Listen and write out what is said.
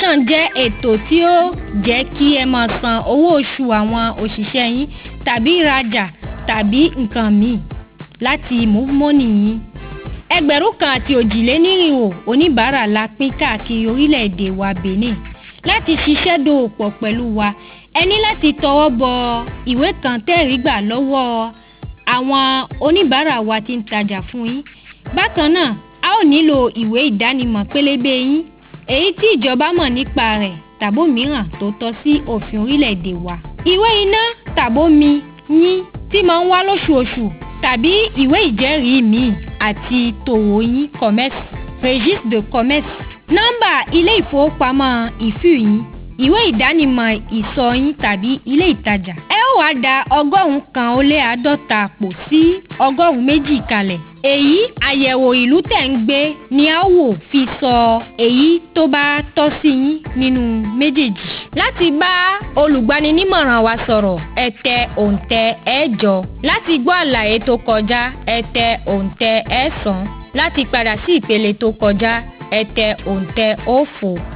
Sàn jẹ́ ètò tí ó jẹ́ kí ẹ máa san owó oṣù àwọn òṣìṣẹ́ yín tàbí rajà tàbí nǹkan míì láti mọ́nì yín. Ẹgbẹ̀rún kan àti òjìlénírínwó oníbàárà la pín káàkiri orílẹ̀-èdè wa Benin. Láti ṣiṣẹ́ dòwòpọ̀ pẹ̀lú wa, ẹ ní láti tọwọ́ bọ ìwé kan tẹ́ẹ̀rí gbà lọ́wọ́ àwọn oníbàárà wa tí ń tajà fún yín. Bákan náà, a ó nílò ìwé ìdánimọ̀ pélébé yín èyí tí ìjọba mọ̀ nípa rẹ̀ tàbómìíràn tó tọ́ sí òfin orílẹ̀-èdè wa. ìwé iná tàbómi yín tí máa ń wá lóṣooṣù tàbí ìwé ìjẹ́rìí míì àti tòwó yín commerce registre de commerce nọ́mbà ilé ìfowópamọ́ ìfìyín ìwé ìdánimọ̀ ìsọyín tàbí ilé ìtajà wá da ọgọ́rùn-ún kan ó lé àádọ́ta àpò sí ọgọ́rùn-ún méjì kalẹ̀ èyí àyẹ̀wò ìlú tẹ̀ ń gbé ni a wò fi sọ èyí tó bá tọ́ sí yín nínú méjèèjì. láti bá olùgbaninímọ̀ràn wa sọ̀rọ̀ ẹ tẹ òǹtẹ̀ ẹ̀jọ láti gbọ́ àlàyé tó kọjá ẹ tẹ òǹtẹ̀ ẹ̀sán láti padà sí ìpele tó kọjá ẹ tẹ òǹtẹ̀ òfo.